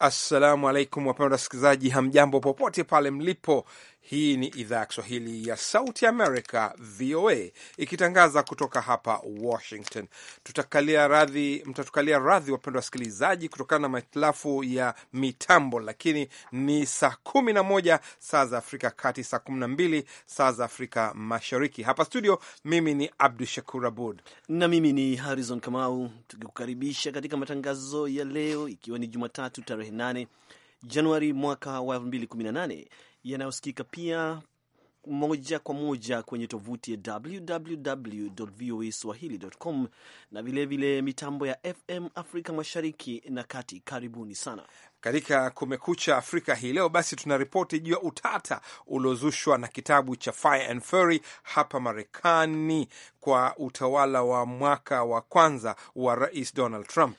Assalamu alaikum, wapendwa wasikilizaji, hamjambo popote pale mlipo. Hii ni idhaa ya Kiswahili ya Sauti america VOA, ikitangaza kutoka hapa Washington. Tutakalia radhi, mtatukalia radhi wapendwa wasikilizaji, kutokana na mahitilafu ya mitambo, lakini ni saa kumi na moja saa za Afrika Kati, saa kumi na mbili saa za Afrika Mashariki. Hapa studio, mimi ni Abdu Shakur Abud na mimi ni Harrison Kamau, tukikukaribisha katika matangazo ya leo, ikiwa ni Jumatatu tarehe 8 Januari mwaka wa 2018 yanayosikika pia moja kwa moja kwenye tovuti ya www.voaswahili.com na vilevile mitambo ya FM Afrika Mashariki na Kati. Karibuni sana katika Kumekucha Afrika hii leo. Basi tuna ripoti juu ya utata uliozushwa na kitabu cha Fire and Fury hapa Marekani kwa utawala wa mwaka wa kwanza wa Rais Donald Trump.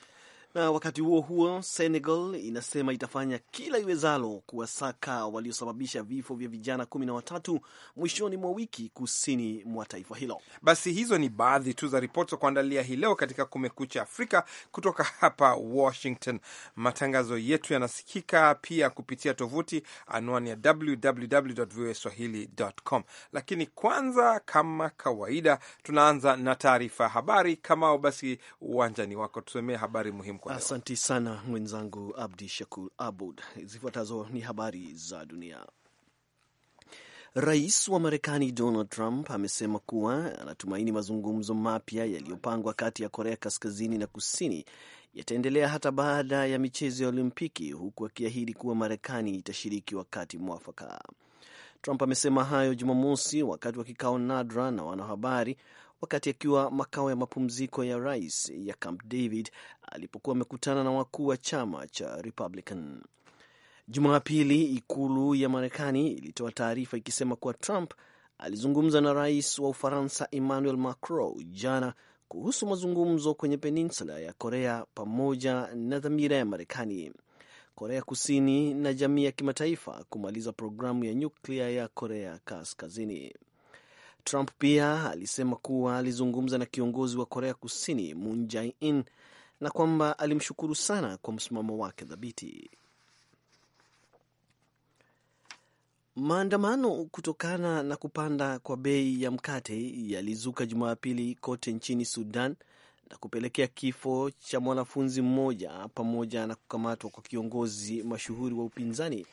Na wakati huo huo, Senegal inasema itafanya kila iwezalo kuwasaka waliosababisha vifo vya vijana kumi na watatu mwishoni mwa wiki kusini mwa taifa hilo. Basi hizo ni baadhi tu za ripoti za kuandalia hii leo katika Kumekucha Afrika kutoka hapa Washington. Matangazo yetu yanasikika pia kupitia tovuti anwani ya www.voaswahili.com, lakini kwanza, kama kawaida, tunaanza na taarifa ya habari. Kamao, basi uwanjani wako, tusomee habari muhimu kwa leo. Asanti sana mwenzangu Abdi Shakur Abud. Zifuatazo ni habari za dunia. Rais wa Marekani Donald Trump amesema kuwa anatumaini mazungumzo mapya yaliyopangwa kati ya Korea Kaskazini na Kusini yataendelea hata baada ya michezo ya Olimpiki, huku akiahidi kuwa Marekani itashiriki wakati mwafaka. Trump amesema hayo Jumamosi wakati wa kikao nadra na wanahabari wakati akiwa makao ya mapumziko ya rais ya Camp David alipokuwa amekutana na wakuu wa chama cha Republican. Jumapili, ikulu ya Marekani ilitoa taarifa ikisema kuwa Trump alizungumza na rais wa Ufaransa Emmanuel Macron jana kuhusu mazungumzo kwenye peninsula ya Korea pamoja na dhamira ya Marekani. Korea Kusini na jamii ya kimataifa kumaliza programu ya nyuklia ya Korea Kaskazini. Trump pia alisema kuwa alizungumza na kiongozi wa Korea Kusini Moon Jae-in na kwamba alimshukuru sana kwa msimamo wake thabiti. Maandamano kutokana na kupanda kwa bei ya mkate yalizuka Jumapili kote nchini Sudan na kupelekea kifo cha mwanafunzi mmoja pamoja na kukamatwa kwa kiongozi mashuhuri wa upinzani,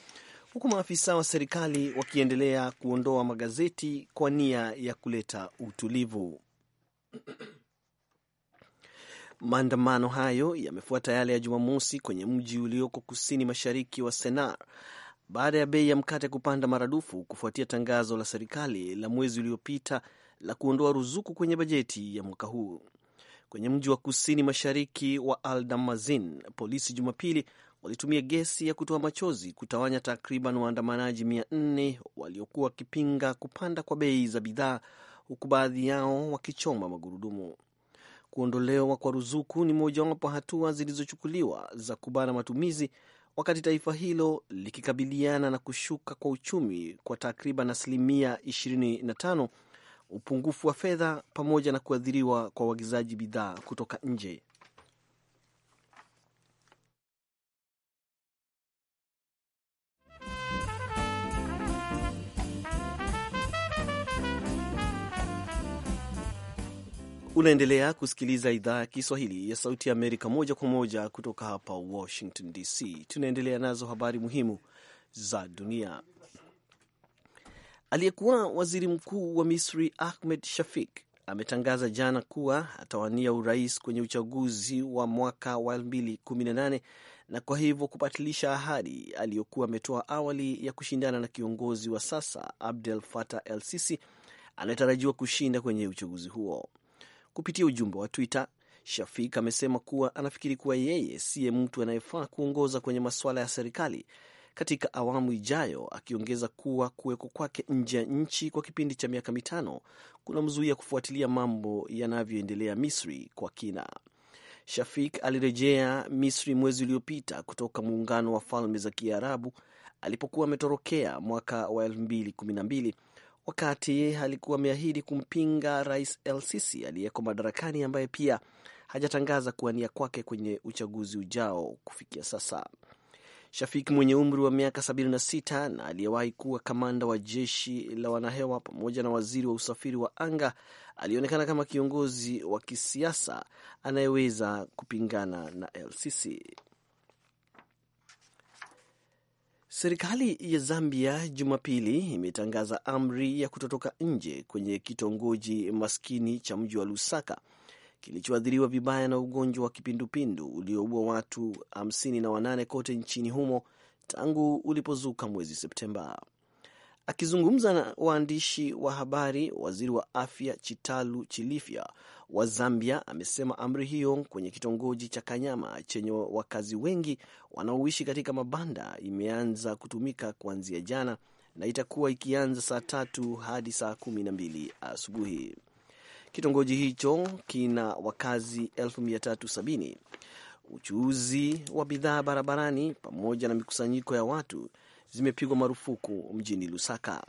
huku maafisa wa serikali wakiendelea kuondoa magazeti kwa nia ya kuleta utulivu. Maandamano hayo yamefuata yale ya Jumamosi kwenye mji ulioko kusini mashariki wa Sennar baada ya bei ya mkate kupanda maradufu kufuatia tangazo la serikali la mwezi uliopita la kuondoa ruzuku kwenye bajeti ya mwaka huu kwenye mji wa kusini mashariki wa Aldamazin. Polisi Jumapili walitumia gesi ya kutoa machozi kutawanya takriban waandamanaji mia nne waliokuwa wakipinga kupanda kwa bei za bidhaa, huku baadhi yao wakichoma magurudumu. Kuondolewa kwa ruzuku ni mojawapo hatua zilizochukuliwa za kubana matumizi, wakati taifa hilo likikabiliana na kushuka kwa uchumi kwa takriban asilimia 25 upungufu wa fedha pamoja na kuathiriwa kwa uagizaji bidhaa kutoka nje. Unaendelea kusikiliza idhaa ya Kiswahili ya Sauti ya Amerika moja kwa moja kutoka hapa Washington DC. Tunaendelea nazo habari muhimu za dunia. Aliyekuwa waziri mkuu wa Misri Ahmed Shafik ametangaza jana kuwa atawania urais kwenye uchaguzi wa mwaka wa 2018 na kwa hivyo kubatilisha ahadi aliyokuwa ametoa awali ya kushindana na kiongozi wa sasa Abdel Fattah El Sisi anayetarajiwa kushinda kwenye uchaguzi huo. Kupitia ujumbe wa Twitter, Shafik amesema kuwa anafikiri kuwa yeye siye mtu anayefaa kuongoza kwenye masuala ya serikali katika awamu ijayo, akiongeza kuwa kuweko kwake nje ya nchi kwa kipindi cha miaka mitano kunamzuia kufuatilia mambo yanavyoendelea Misri kwa kina. Shafik alirejea Misri mwezi uliopita kutoka Muungano wa Falme za Kiarabu alipokuwa ametorokea mwaka wa 2012 wakati alikuwa ameahidi kumpinga Rais El Sisi aliyeko madarakani, ambaye pia hajatangaza kuania kwake kwenye uchaguzi ujao kufikia sasa. Shafik mwenye umri wa miaka 76 na aliyewahi kuwa kamanda wa jeshi la wanahewa pamoja na waziri wa usafiri wa anga alionekana kama kiongozi wa kisiasa anayeweza kupingana na LCC. Serikali ya Zambia Jumapili imetangaza amri ya kutotoka nje kwenye kitongoji maskini cha mji wa Lusaka kilichoathiriwa vibaya na ugonjwa wa kipindupindu ulioua watu 58 kote nchini humo tangu ulipozuka mwezi Septemba. Akizungumza na waandishi wa habari, waziri wa afya Chitalu Chilifya wa Zambia amesema amri hiyo kwenye kitongoji cha Kanyama chenye wakazi wengi wanaoishi katika mabanda imeanza kutumika kuanzia jana na itakuwa ikianza saa tatu hadi saa kumi na mbili asubuhi. Kitongoji hicho kina wakazi 370. Uchuuzi wa bidhaa barabarani pamoja na mikusanyiko ya watu zimepigwa marufuku mjini Lusaka.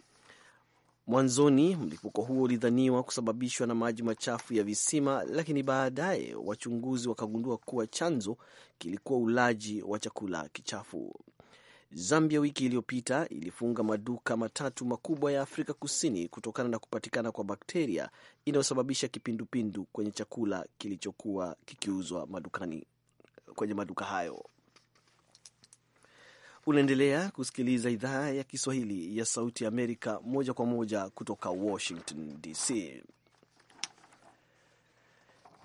Mwanzoni mlipuko huo ulidhaniwa kusababishwa na maji machafu ya visima, lakini baadaye wachunguzi wakagundua kuwa chanzo kilikuwa ulaji wa chakula kichafu. Zambia wiki iliyopita ilifunga maduka matatu makubwa ya Afrika Kusini kutokana na kupatikana kwa bakteria inayosababisha kipindupindu kwenye chakula kilichokuwa kikiuzwa madukani kwenye maduka hayo. Unaendelea kusikiliza idhaa ya Kiswahili ya Sauti ya Amerika moja kwa moja kutoka Washington DC.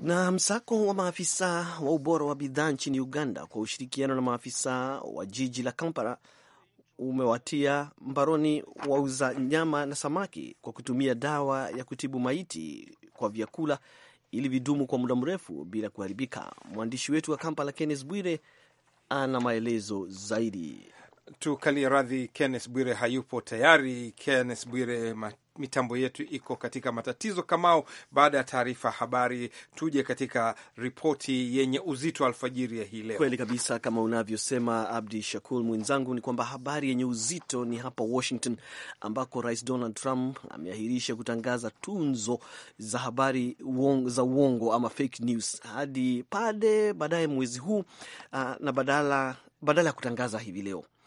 Na msako wa maafisa wa ubora wa bidhaa nchini Uganda kwa ushirikiano na maafisa wa jiji la Kampala umewatia mbaroni wauza nyama na samaki kwa kutumia dawa ya kutibu maiti kwa vyakula ili vidumu kwa muda mrefu bila kuharibika. Mwandishi wetu wa Kampala, Kenneth Bwire, ana maelezo zaidi tukalie radhi, Kenneth Bwire hayupo tayari. Kenneth Bwire mitambo yetu iko katika matatizo kamao. Baada ya taarifa habari, tuje katika ripoti yenye uzito alfajiri ya hii leo. Kweli kabisa, kama unavyosema Abdi Shakul mwenzangu, ni kwamba habari yenye uzito ni hapa Washington, ambako Rais Donald Trump ameahirisha kutangaza tunzo za habari uongo, za uongo ama fake news hadi pale baadaye mwezi huu ah, na badala badala ya kutangaza hivi leo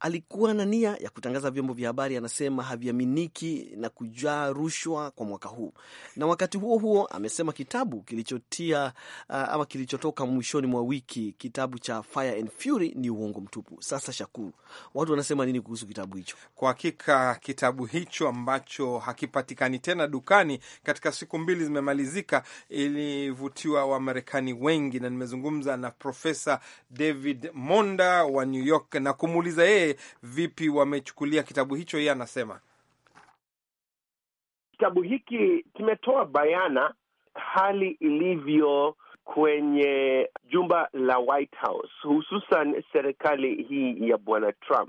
alikuwa na nia ya kutangaza vyombo vya habari anasema haviaminiki na kujaa rushwa kwa mwaka huu. Na wakati huo huo, amesema kitabu kilichotia uh, ama kilichotoka mwishoni mwa wiki kitabu cha Fire and Fury ni uongo mtupu. Sasa Shakuru, watu wanasema nini kuhusu kitabu hicho? Kwa hakika kitabu hicho ambacho hakipatikani tena dukani katika siku mbili zimemalizika, ilivutiwa Wamarekani wengi, na nimezungumza na Profesa David Monda wa New York na kumuuliza yeye je, vipi wamechukulia kitabu hicho? Yeye anasema kitabu hiki kimetoa bayana hali ilivyo kwenye jumba la White House, hususan serikali hii ya bwana Trump.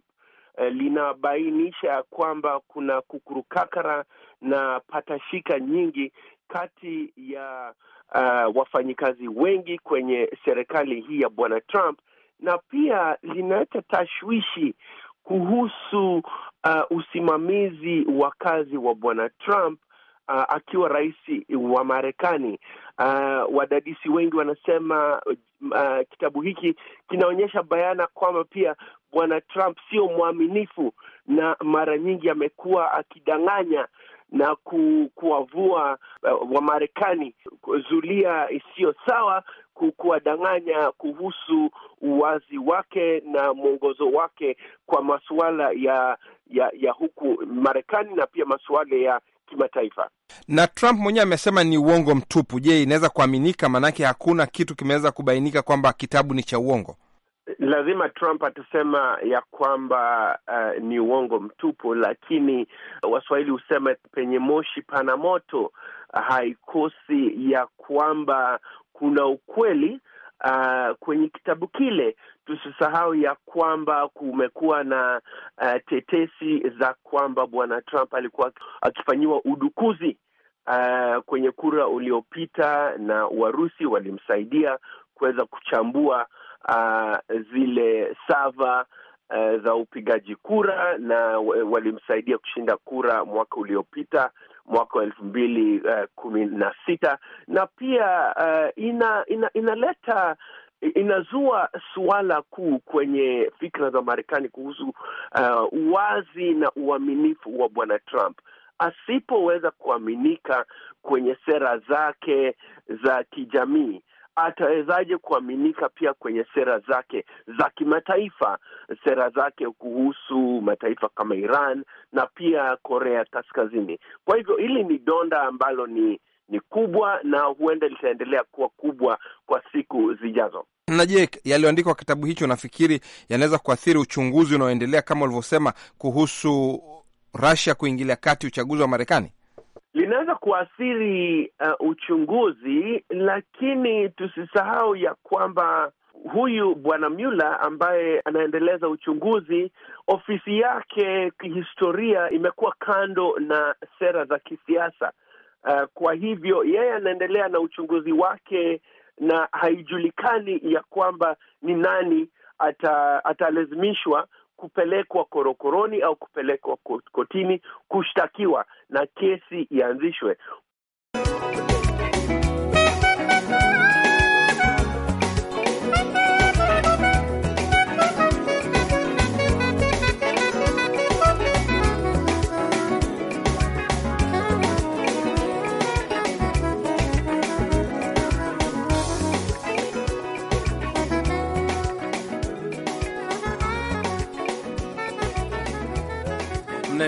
Eh, linabainisha ya kwamba kuna kukurukakara na patashika nyingi kati ya uh, wafanyikazi wengi kwenye serikali hii ya bwana Trump na pia linaleta tashwishi kuhusu uh, usimamizi wa kazi wa bwana Trump uh, akiwa rais wa Marekani. Uh, wadadisi wengi wanasema uh, kitabu hiki kinaonyesha bayana kwamba pia bwana Trump sio mwaminifu na mara nyingi amekuwa akidanganya na ku, kuwavua uh, Wamarekani zulia isiyo sawa kuwadanganya kuhusu uwazi wake na mwongozo wake kwa masuala ya ya ya huku Marekani na pia masuala ya kimataifa. Na Trump mwenyewe amesema ni uongo mtupu. Je, inaweza kuaminika? Maanake hakuna kitu kimeweza kubainika kwamba kitabu ni cha uongo. Lazima Trump atasema ya kwamba uh, ni uongo mtupu, lakini Waswahili husema penye moshi pana moto. Haikosi ya kwamba kuna ukweli Uh, kwenye kitabu kile tusisahau ya kwamba kumekuwa na uh, tetesi za kwamba bwana Trump alikuwa akifanyiwa udukuzi uh, kwenye kura uliopita, na Warusi walimsaidia kuweza kuchambua uh, zile sava Eh, za upigaji kura na walimsaidia kushinda kura mwaka uliopita mwaka wa elfu mbili uh, kumi na sita na pia uh, ina, ina, inaleta inazua suala kuu kwenye fikra za Marekani kuhusu uh, na uaminifu wa bwana Trump. Asipoweza kuaminika kwenye sera zake za kijamii atawezaje kuaminika pia kwenye sera zake za kimataifa, sera zake kuhusu mataifa kama Iran na pia Korea Kaskazini. Kwa hivyo hili ni donda ambalo ni ni kubwa na huenda litaendelea kuwa kubwa kwa siku zijazo. Na je, yaliyoandikwa kitabu hicho nafikiri yanaweza kuathiri uchunguzi unaoendelea kama ulivyosema kuhusu Russia kuingilia kati uchaguzi wa Marekani? linaweza kuathiri uh, uchunguzi, lakini tusisahau ya kwamba huyu bwana Mueller ambaye anaendeleza uchunguzi, ofisi yake kihistoria imekuwa kando na sera za kisiasa. Uh, kwa hivyo yeye anaendelea na uchunguzi wake na haijulikani ya kwamba ni nani ata, atalazimishwa kupelekwa korokoroni au kupelekwa kotini kushtakiwa na kesi ianzishwe.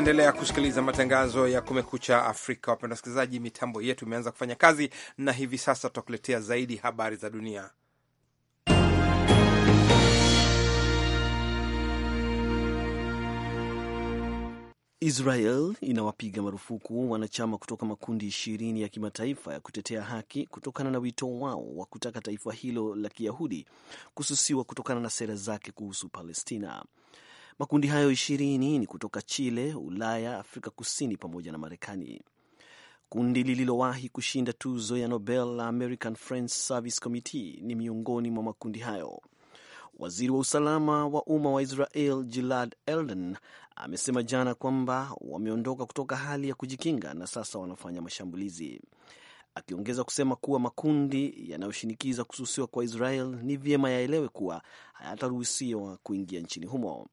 Mnaendelea kusikiliza matangazo ya Kumekucha Afrika. Wapenda wasikilizaji, mitambo yetu imeanza kufanya kazi na hivi sasa tutakuletea zaidi habari za dunia. Israel inawapiga marufuku wanachama kutoka makundi ishirini ya kimataifa ya kutetea haki kutokana na wito wao wa kutaka taifa hilo la Kiyahudi kususiwa kutokana na sera zake kuhusu Palestina. Makundi hayo ishirini ni kutoka Chile, Ulaya, Afrika Kusini pamoja na Marekani. Kundi lililowahi kushinda tuzo ya Nobel la American French Service Committee ni miongoni mwa makundi hayo. Waziri wa usalama wa umma wa Israel Gilad Elden amesema jana kwamba wameondoka kutoka hali ya kujikinga na sasa wanafanya mashambulizi, akiongeza kusema kuwa makundi yanayoshinikiza kususiwa kwa Israel ni vyema yaelewe kuwa hayataruhusiwa kuingia nchini humo.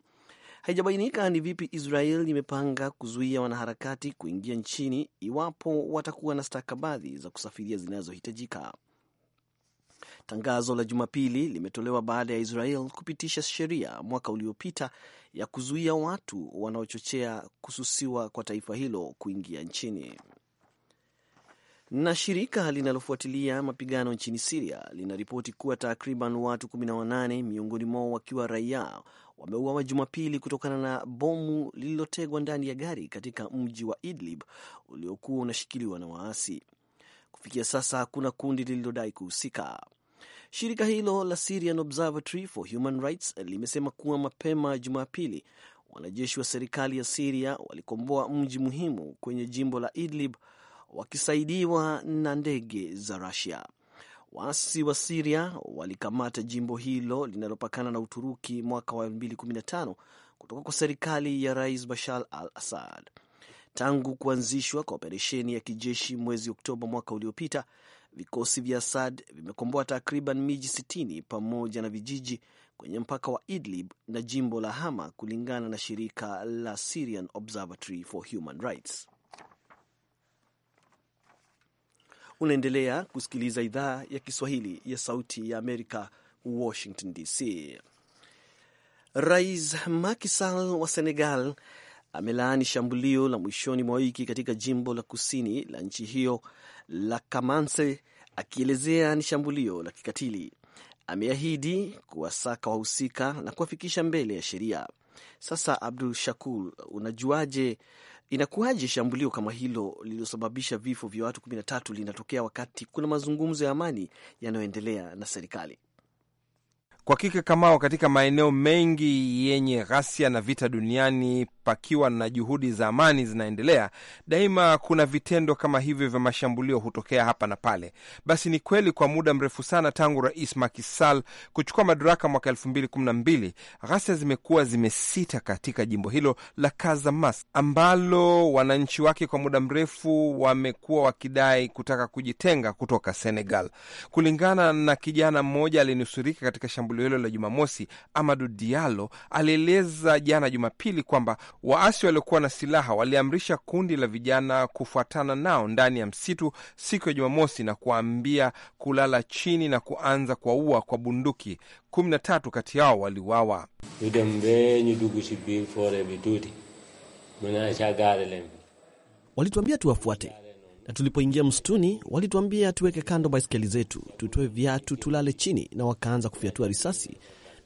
Haijabainika ni vipi Israel imepanga kuzuia wanaharakati kuingia nchini iwapo watakuwa na stakabadhi za kusafiria zinazohitajika. Tangazo la Jumapili limetolewa baada ya Israel kupitisha sheria mwaka uliopita ya kuzuia watu wanaochochea kususiwa kwa taifa hilo kuingia nchini. Na shirika linalofuatilia mapigano nchini Siria linaripoti kuwa takriban watu 18 miongoni mwao wakiwa raia wameuawa Jumapili kutokana na bomu lililotegwa ndani ya gari katika mji wa Idlib uliokuwa unashikiliwa na waasi. Kufikia sasa hakuna kundi lililodai kuhusika. Shirika hilo la Syrian Observatory for Human Rights limesema kuwa mapema Jumapili wanajeshi wa serikali ya Siria walikomboa mji muhimu kwenye jimbo la Idlib wakisaidiwa na ndege za Rusia. Waasi wa Siria walikamata jimbo hilo linalopakana na Uturuki mwaka wa 2015 kutoka kwa serikali ya Rais Bashar al Assad. Tangu kuanzishwa kwa operesheni ya kijeshi mwezi Oktoba mwaka uliopita, vikosi vya Assad vimekomboa takriban miji 60 pamoja na vijiji kwenye mpaka wa Idlib na jimbo la Hama, kulingana na shirika la Syrian Observatory for Human Rights. Unaendelea kusikiliza idhaa ya Kiswahili ya Sauti ya Amerika, Washington DC. Rais Macky Sall wa Senegal amelaani shambulio la mwishoni mwa wiki katika jimbo la kusini la nchi hiyo la Kamanse, akielezea ni shambulio la kikatili. Ameahidi kuwasaka wahusika na kuwafikisha mbele ya sheria. Sasa Abdul Shakur, unajuaje Inakuwaje shambulio kama hilo lililosababisha vifo vya watu 13 linatokea wakati kuna mazungumzo ya amani yanayoendelea na serikali? Kwa hakika Kamao, katika maeneo mengi yenye ghasia na vita duniani, pakiwa na juhudi za amani zinaendelea, daima kuna vitendo kama hivyo vya mashambulio hutokea hapa na pale. Basi ni kweli kwa muda mrefu sana tangu Rais Macky Sall kuchukua madaraka mwaka elfu mbili kumi na mbili ghasia zimekuwa zimesita katika jimbo hilo la Kazamas ambalo wananchi wake kwa muda mrefu wamekuwa wakidai kutaka kujitenga kutoka Senegal. Kulingana na kijana mmoja alinusurika katika shambulio shambulio hilo la Jumamosi, Amadu Diallo alieleza jana Jumapili kwamba waasi waliokuwa na silaha waliamrisha kundi la vijana kufuatana nao ndani ya msitu siku ya Jumamosi na kuwaambia kulala chini na kuanza kuwaua kwa bunduki. Kumi na tatu kati yao waliuawa. Walituambia tuwafuate na tulipoingia msituni walituambia tuweke kando baiskeli zetu, tutoe viatu, tulale chini, na wakaanza kufyatua risasi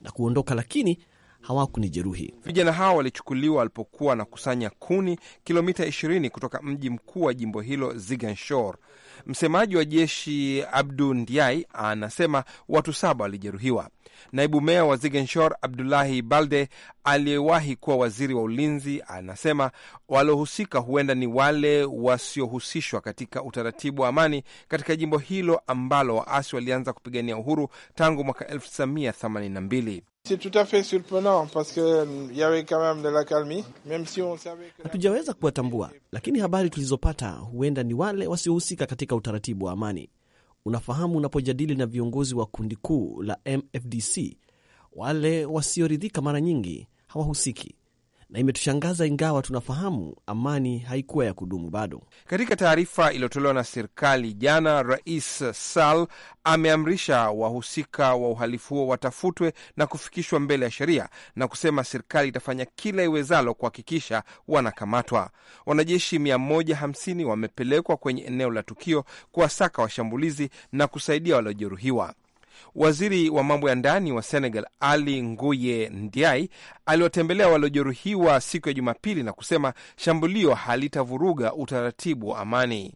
na kuondoka, lakini hawakunijeruhi. Vijana hao walichukuliwa walipokuwa wanakusanya kuni kilomita 20 kutoka mji mkuu wa jimbo hilo Ziganshore. Msemaji wa jeshi Abdu Ndiai anasema watu saba walijeruhiwa. Naibu meya wa Zigenshor Abdulahi Balde, aliyewahi kuwa waziri wa ulinzi, anasema walohusika huenda ni wale wasiohusishwa katika utaratibu wa amani katika jimbo hilo ambalo waasi walianza kupigania uhuru tangu mwaka 1982. Um, Hatujaweza kuwatambua, lakini habari tulizopata huenda ni wale wasiohusika katika utaratibu wa amani, Unafahamu, unapojadili na viongozi wa kundi kuu la MFDC, wale wasioridhika mara nyingi hawahusiki na imetushangaza ingawa tunafahamu amani haikuwa ya kudumu bado. Katika taarifa iliyotolewa na serikali jana, Rais sal ameamrisha wahusika wa uhalifu huo watafutwe na kufikishwa mbele ya sheria na kusema serikali itafanya kila iwezalo kuhakikisha wanakamatwa. Wanajeshi 150 wamepelekwa kwenye eneo la tukio kuwasaka washambulizi na kusaidia waliojeruhiwa. Waziri wa mambo ya ndani wa Senegal Ali Nguye Ndiaye aliwatembelea waliojeruhiwa siku ya Jumapili na kusema shambulio halitavuruga utaratibu wa amani.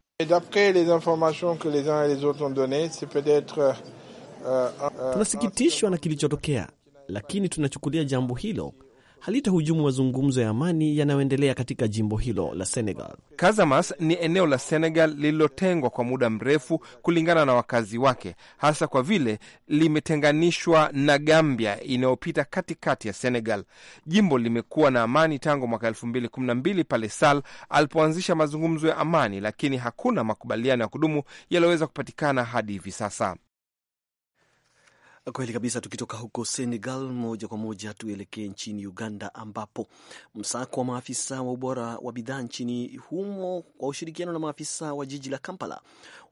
Tunasikitishwa na kilichotokea, lakini tunachukulia jambo hilo halitahujumu mazungumzo ya amani yanayoendelea katika jimbo hilo la Senegal. kazamas ni eneo la Senegal lililotengwa kwa muda mrefu kulingana na wakazi wake, hasa kwa vile limetenganishwa na Gambia inayopita katikati ya Senegal. Jimbo limekuwa na amani tangu mwaka 2012 pale Sall alipoanzisha mazungumzo ya amani, lakini hakuna makubaliano ya kudumu yaliyoweza kupatikana hadi hivi sasa. Kweli kabisa. Tukitoka huko Senegal moja kwa moja tuelekee nchini Uganda, ambapo msako wa maafisa wa ubora wa bidhaa nchini humo kwa ushirikiano na maafisa wa jiji la Kampala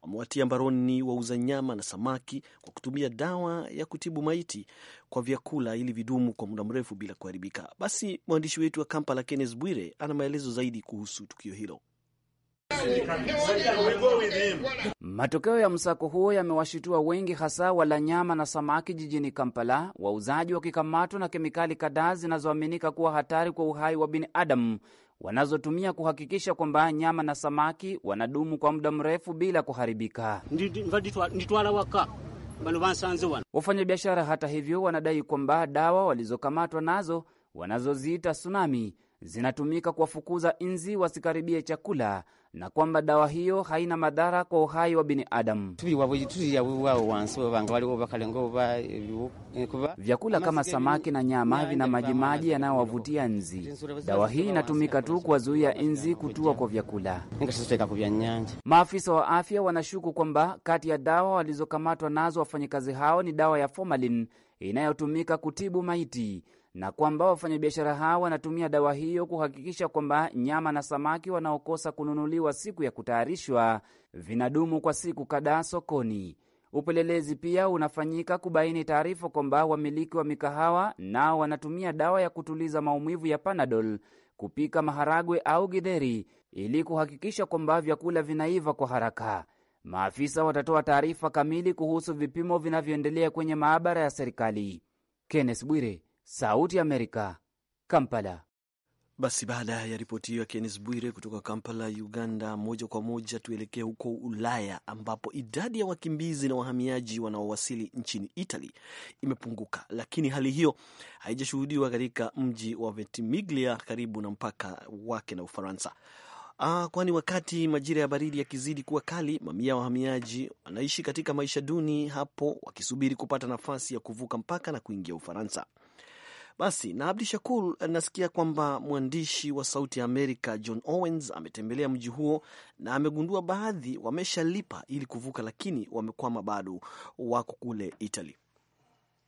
wamewatia mbaroni wauza nyama na samaki kwa kutumia dawa ya kutibu maiti kwa vyakula ili vidumu kwa muda mrefu bila kuharibika. Basi mwandishi wetu wa Kampala, Kenneth Bwire, ana maelezo zaidi kuhusu tukio hilo. Matokeo ya msako huo yamewashitua wengi, hasa wala nyama na samaki jijini Kampala, wauzaji wakikamatwa na kemikali kadhaa zinazoaminika kuwa hatari kwa uhai wa binadamu wanazotumia kuhakikisha kwamba nyama na samaki wanadumu kwa muda mrefu bila kuharibika. Wafanyabiashara hata hivyo, wanadai kwamba dawa walizokamatwa nazo wanazoziita tsunami zinatumika kuwafukuza nzi wasikaribie chakula na kwamba dawa hiyo haina madhara kwa uhai wa binadamu. Vyakula kama samaki na nyama vina majimaji yanayowavutia nzi. Dawa hii inatumika tu kuwazuia nzi kutua kwa vyakula. Maafisa wa afya wanashuku kwamba kati ya dawa walizokamatwa nazo wafanyakazi hao ni dawa ya formalin inayotumika kutibu maiti na kwamba wafanyabiashara hao wanatumia dawa hiyo kuhakikisha kwamba nyama na samaki wanaokosa kununuliwa siku ya kutayarishwa vinadumu kwa siku kadhaa sokoni. Upelelezi pia unafanyika kubaini taarifa kwamba wamiliki wa mikahawa nao wanatumia dawa ya kutuliza maumivu ya Panadol kupika maharagwe au gidheri ili kuhakikisha kwamba vyakula vinaiva kwa haraka. Maafisa watatoa taarifa kamili kuhusu vipimo vinavyoendelea kwenye maabara ya serikali. Kenneth Bwire, Sauti Amerika, Kampala. Basi baada ya ripoti hiyo ya Kennes Bwire kutoka Kampala, Uganda, moja kwa moja tuelekee huko Ulaya ambapo idadi ya wakimbizi na wahamiaji wanaowasili nchini Italy imepunguka, lakini hali hiyo haijashuhudiwa katika mji wa Ventimiglia karibu na mpaka wake na Ufaransa. Ah, kwani wakati majira ya baridi yakizidi kuwa kali, mamia ya wahamiaji wanaishi katika maisha duni hapo wakisubiri kupata nafasi ya kuvuka mpaka na kuingia Ufaransa. Basi na Abdi Shakur, nasikia kwamba mwandishi wa Sauti ya Amerika John Owens ametembelea mji huo na amegundua baadhi wameshalipa ili kuvuka, lakini wamekwama, bado wako kule Italy.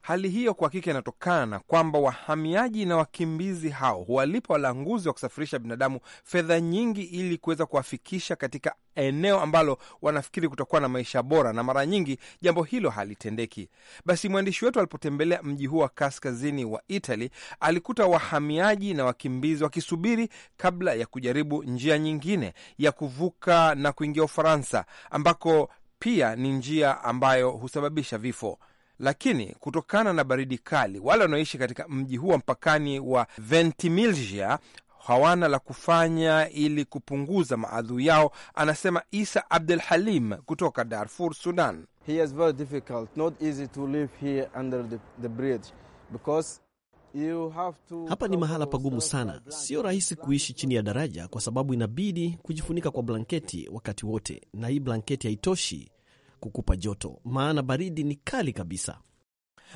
Hali hiyo kwa hakika inatokana kwamba wahamiaji na wakimbizi hao huwalipa walanguzi wa kusafirisha binadamu fedha nyingi ili kuweza kuwafikisha katika eneo ambalo wanafikiri kutokuwa na maisha bora, na mara nyingi jambo hilo halitendeki. Basi mwandishi wetu alipotembelea mji huo wa kaskazini wa Italy alikuta wahamiaji na wakimbizi wakisubiri kabla ya kujaribu njia nyingine ya kuvuka na kuingia Ufaransa, ambako pia ni njia ambayo husababisha vifo. Lakini kutokana na baridi kali, wale wanaoishi katika mji huo mpakani wa Ventimiglia hawana la kufanya ili kupunguza maadhu yao, anasema Isa Abdul Halim kutoka Darfur, Sudan. Hapa ni mahala pagumu sana, sio rahisi kuishi chini ya daraja kwa sababu inabidi kujifunika kwa blanketi wakati wote, na hii blanketi haitoshi kukupa joto, maana baridi ni kali kabisa.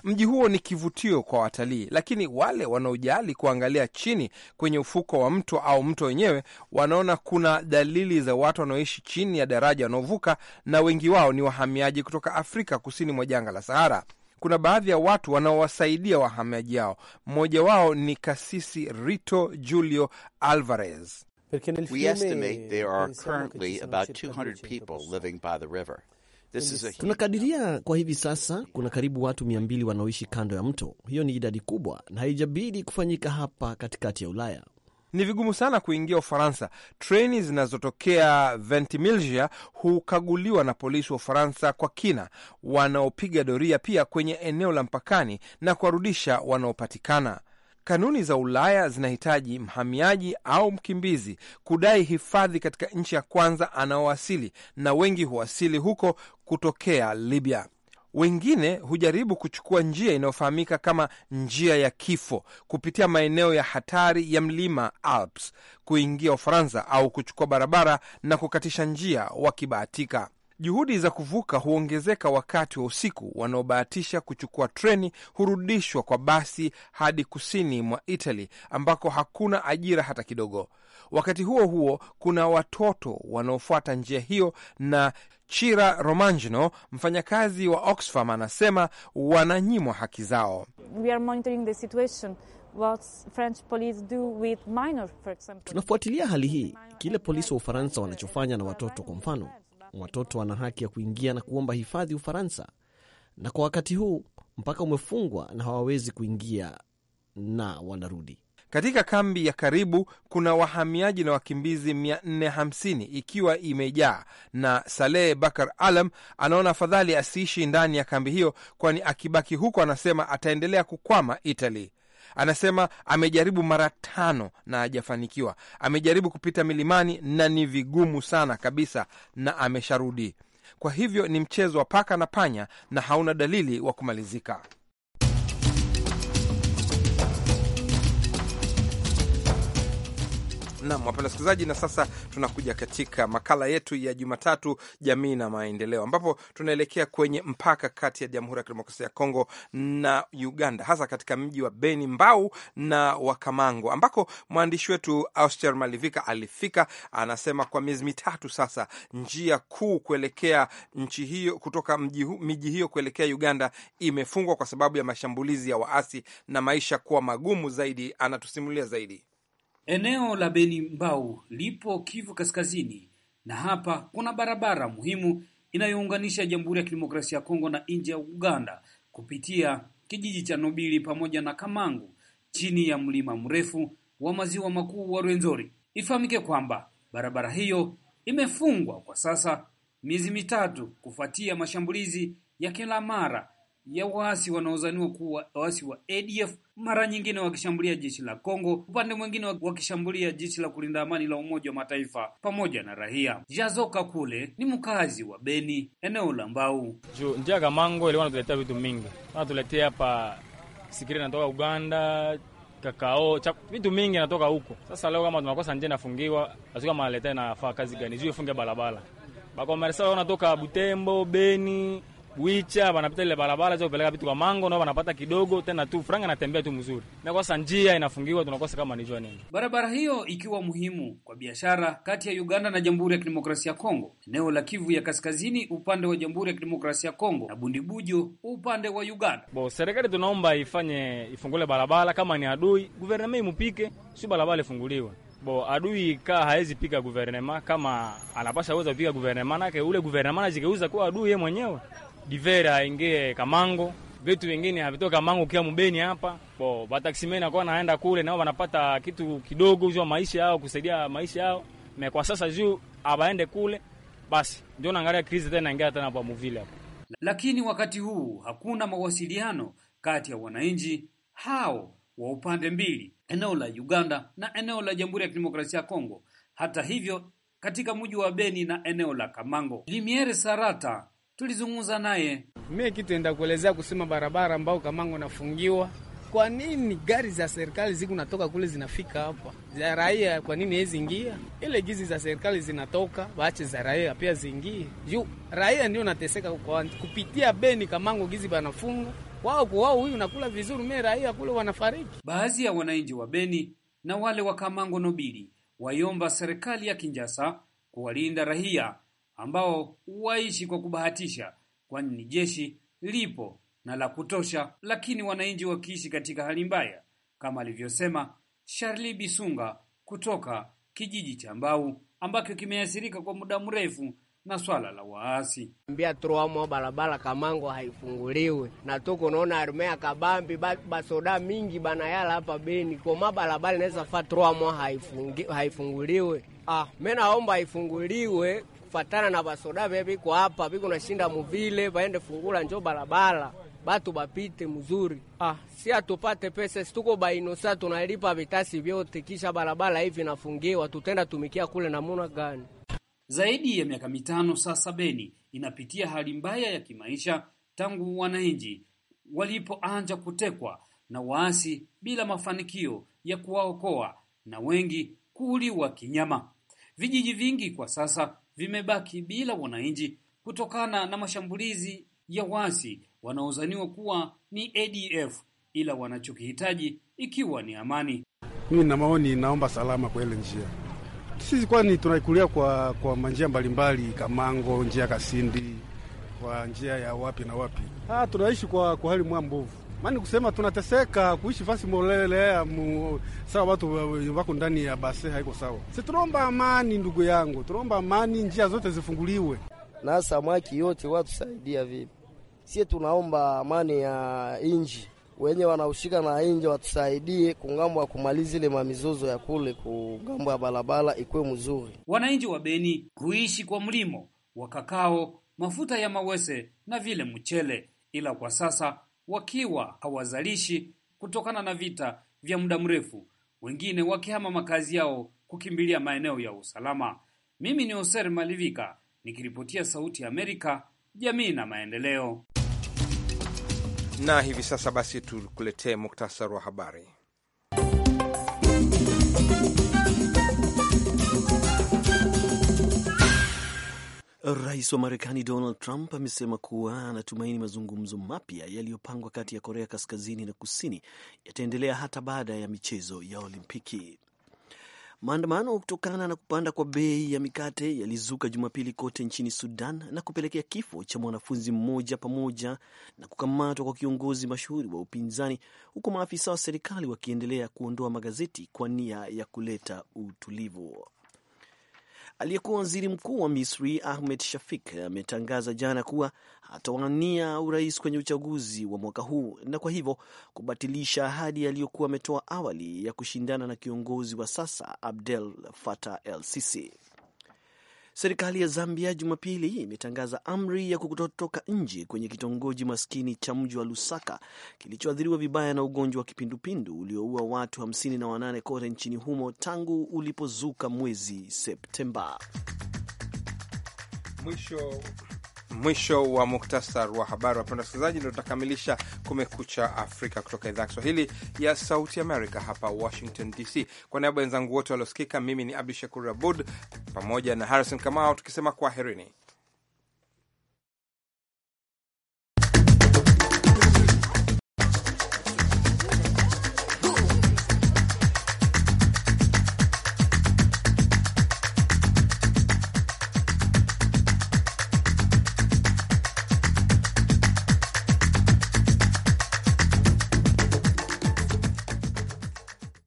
Mji huo ni kivutio kwa watalii, lakini wale wanaojali kuangalia chini kwenye ufuko wa mto au mto wenyewe wanaona kuna dalili za watu wanaoishi chini ya daraja wanaovuka, na wengi wao ni wahamiaji kutoka Afrika kusini mwa jangwa la Sahara. Kuna baadhi ya watu wanaowasaidia wahamiaji hao. Mmoja wao ni kasisi Rito Julio Alvarez. We estimate there are currently about 200 people living by the river. Tunakadiria kwa hivi sasa kuna karibu watu mia mbili wanaoishi kando ya mto. Hiyo ni idadi kubwa na haijabidi kufanyika hapa katikati ya Ulaya. Ni vigumu sana kuingia Ufaransa. Treni zinazotokea Ventimiglia hukaguliwa na polisi wa Ufaransa kwa kina, wanaopiga doria pia kwenye eneo la mpakani na kuwarudisha wanaopatikana. Kanuni za Ulaya zinahitaji mhamiaji au mkimbizi kudai hifadhi katika nchi ya kwanza anaowasili, na wengi huwasili huko kutokea Libya. Wengine hujaribu kuchukua njia inayofahamika kama njia ya kifo kupitia maeneo ya hatari ya mlima Alps kuingia Ufaransa, au kuchukua barabara na kukatisha njia wakibahatika. Juhudi za kuvuka huongezeka wakati wa usiku. Wanaobahatisha kuchukua treni hurudishwa kwa basi hadi kusini mwa Italy ambako hakuna ajira hata kidogo. Wakati huo huo, kuna watoto wanaofuata njia hiyo, na Chira Romangino, mfanyakazi wa Oxfam, anasema wananyimwa haki zao. We are monitoring the situation. What French police do with minor, for example. Tunafuatilia hali hii, kile polisi wa Ufaransa wanachofanya na watoto, kwa mfano Watoto wana haki ya kuingia na kuomba hifadhi Ufaransa, na kwa wakati huu mpaka umefungwa na hawawezi kuingia na wanarudi katika kambi ya karibu. Kuna wahamiaji na wakimbizi 450 ikiwa imejaa, na Saleh Bakar Alam anaona afadhali asiishi ndani ya kambi hiyo, kwani akibaki huko anasema ataendelea kukwama Italy. Anasema amejaribu mara tano na hajafanikiwa. Amejaribu kupita milimani na ni vigumu sana kabisa, na amesharudi. Kwa hivyo ni mchezo wa paka na panya na hauna dalili wa kumalizika. Nam, wapenda wasikilizaji, na sasa tunakuja katika makala yetu ya Jumatatu, jamii na maendeleo, ambapo tunaelekea kwenye mpaka kati ya Jamhuri ya Kidemokrasia ya Kongo na Uganda, hasa katika mji wa Beni Mbau na Wakamango, ambako mwandishi wetu Auster Malivika alifika. Anasema kwa miezi mitatu sasa, njia kuu kuelekea nchi hiyo kutoka miji hiyo kuelekea Uganda imefungwa kwa sababu ya mashambulizi ya waasi na maisha kuwa magumu zaidi. Anatusimulia zaidi. Eneo la Beni Mbau lipo Kivu Kaskazini na hapa kuna barabara muhimu inayounganisha Jamhuri ya Kidemokrasia ya Kongo na nchi ya Uganda kupitia kijiji cha Nobili pamoja na Kamangu chini ya mlima mrefu wa maziwa makuu wa Rwenzori. Ifahamike kwamba barabara hiyo imefungwa kwa sasa miezi mitatu kufuatia mashambulizi ya kila mara ya waasi wanaozaniwa kuwa waasi wa ADF, mara nyingine wakishambulia jeshi la Kongo, upande mwingine wakishambulia jeshi la kulinda amani la Umoja wa Mataifa pamoja na raia. Jazoka kule ni mkazi wa Beni, eneo la Mbau. Juu njia Kamango ilikuwa natuletea vitu mingi, natuletea hapa sikiri natoka Uganda kakao cha vitu mingi natoka huko. Sasa leo kama tunakosa nje nafungiwa, basi kama aleta na faa kazi gani? Juu ifunge barabara. Bako maresa wanatoka Butembo, Beni, kuicha wanapita ile barabara za kupeleka vitu kwa mango, nao wanapata kidogo tena tu franga, anatembea tu mzuri, na kwa njia inafungiwa, tunakosa kama nijua nini. Barabara hiyo ikiwa muhimu kwa biashara kati ya Uganda na Jamhuri ya Kidemokrasia ya Kongo, eneo la Kivu ya Kaskazini upande wa Jamhuri ya Kidemokrasia ya Kongo na Bundibujo upande wa Uganda. Bo, serikali tunaomba ifanye ifungule barabara, kama ni adui government imupike, si barabara ifunguliwe. Bo, adui ka haezi pika guvernema, kama anapasha weza pika guvernema nake ule guvernema najigeuza kuwa adui ye mwenyewe divera aingie Kamango, vitu vingine havitoka Kamango kia Mubeni hapa bo bataximeni akuwa naenda kule, nao wanapata kitu kidogo juu maisha yao kusaidia maisha yao me kwa sasa juu abaende kule basi ndio naangalia krizi tena ingia tena kwa muvile hapo. Lakini wakati huu hakuna mawasiliano kati ya wananchi hao wa upande mbili, eneo la Uganda na eneo la Jamhuri ya Kidemokrasia ya Kongo. Hata hivyo, katika mji wa Beni na eneo la Kamango, Limiere Sarata tulizungumza naye. Mi kitu enda kuelezea kusema barabara ambao kamango nafungiwa kwa nini gari za serikali ziku natoka kule zinafika hapa za raia, kwa nini hezi ingia? Ile gizi za serikali zinatoka waache za raia pia ziingie, juu raia ndio nateseka kwa kupitia Beni Kamango gizi banafunga wao kwa wao, huyu nakula vizuri, mimi raia kule wanafariki. Baadhi ya wananchi wa Beni na wale wa Kamango Nobili waiomba serikali ya kinjasa kuwalinda raia ambao waishi kwa kubahatisha, kwani ni jeshi lipo na la kutosha, lakini wananchi wakiishi katika hali mbaya, kama alivyosema Charli Bisunga kutoka kijiji cha Mbau ambacho kimeathirika kwa muda mrefu na swala la waasi ambia troamo barabara Kamango haifunguliwe na tuko naona armea kabambi basoda ba mingi bana yala hapa Beni kwa ma barabara inaweza fa troamo haifunguliwe. Ah, mimi naomba ifunguliwe kufatana na basoda vye viko hapa viko nashinda muvile vaende fungula njo barabara batu bapite mzuri. Ah, si atupate pesa baino sa tunalipa vitasi vyote, kisha barabara hivi nafungiwa, tutenda tumikia kule namuna gani? Zaidi ya miaka mitano sasa, Beni inapitia hali mbaya ya kimaisha tangu wananchi walipoanza kutekwa na waasi bila mafanikio ya kuwaokoa na wengi kuuliwa kinyama. Vijiji vingi kwa sasa vimebaki bila wananchi kutokana na mashambulizi ya wasi wanaozaniwa kuwa ni ADF, ila wanachokihitaji ikiwa ni amani. Mimi na maoni, naomba salama kwa ile njia. Sisi kwani tunaikulia kwa, kwa manjia mbalimbali Kamango, njia Kasindi, kwa njia ya wapi na wapi. Ah, tunaishi kwa, kwa hali mwambovu Mani kusema tunateseka kuishi fasi molele mu sawa, watu wako ndani ya base haiko sawa. Si tunaomba amani, ndugu yangu, tunaomba amani, njia zote zifunguliwe na samaki yote watusaidia vipi? Sie tunaomba amani ya inji, wenye wanaushika na inji watusaidie kungambo ya kumaliza ile mamizozo ya kule kungambo ya balabala ikuwe mzuri. Wananchi wa Beni kuishi kwa mlimo wa kakao, mafuta ya mawese na vile mchele, ila kwa sasa wakiwa hawazalishi kutokana na vita vya muda mrefu, wengine wakihama makazi yao kukimbilia maeneo ya usalama. Mimi ni Oser Malivika nikiripotia Sauti ya Amerika, jamii na maendeleo. Na hivi sasa basi tukuletee muktasari wa habari. Rais wa Marekani Donald Trump amesema kuwa anatumaini mazungumzo mapya yaliyopangwa kati ya Korea Kaskazini na Kusini yataendelea hata baada ya michezo ya Olimpiki. Maandamano kutokana na kupanda kwa bei ya mikate yalizuka Jumapili kote nchini Sudan na kupelekea kifo cha mwanafunzi mmoja pamoja na kukamatwa kwa kiongozi mashuhuri wa upinzani, huku maafisa wa serikali wakiendelea kuondoa magazeti kwa nia ya kuleta utulivu. Aliyekuwa waziri mkuu wa Misri Ahmed Shafik ametangaza jana kuwa atawania urais kwenye uchaguzi wa mwaka huu na kwa hivyo kubatilisha ahadi aliyokuwa ametoa awali ya kushindana na kiongozi wa sasa Abdel Fattah el Sisi. Serikali ya Zambia Jumapili imetangaza amri ya kutotoka nje kwenye kitongoji maskini cha mji wa Lusaka kilichoathiriwa vibaya na ugonjwa wa kipindupindu ulioua watu 58 kote nchini humo tangu ulipozuka mwezi Septemba. Mwisho Mwisho wa muktasar wa habari. Wapenda wasikilizaji, ndio tutakamilisha Kumekucha Afrika kutoka idhaa ya Kiswahili ya Sauti Amerika hapa Washington DC. Kwa niaba ya wenzangu wote waliosikika, mimi ni Abdu Shakur Abud pamoja na Harrison Kamau tukisema kwaherini.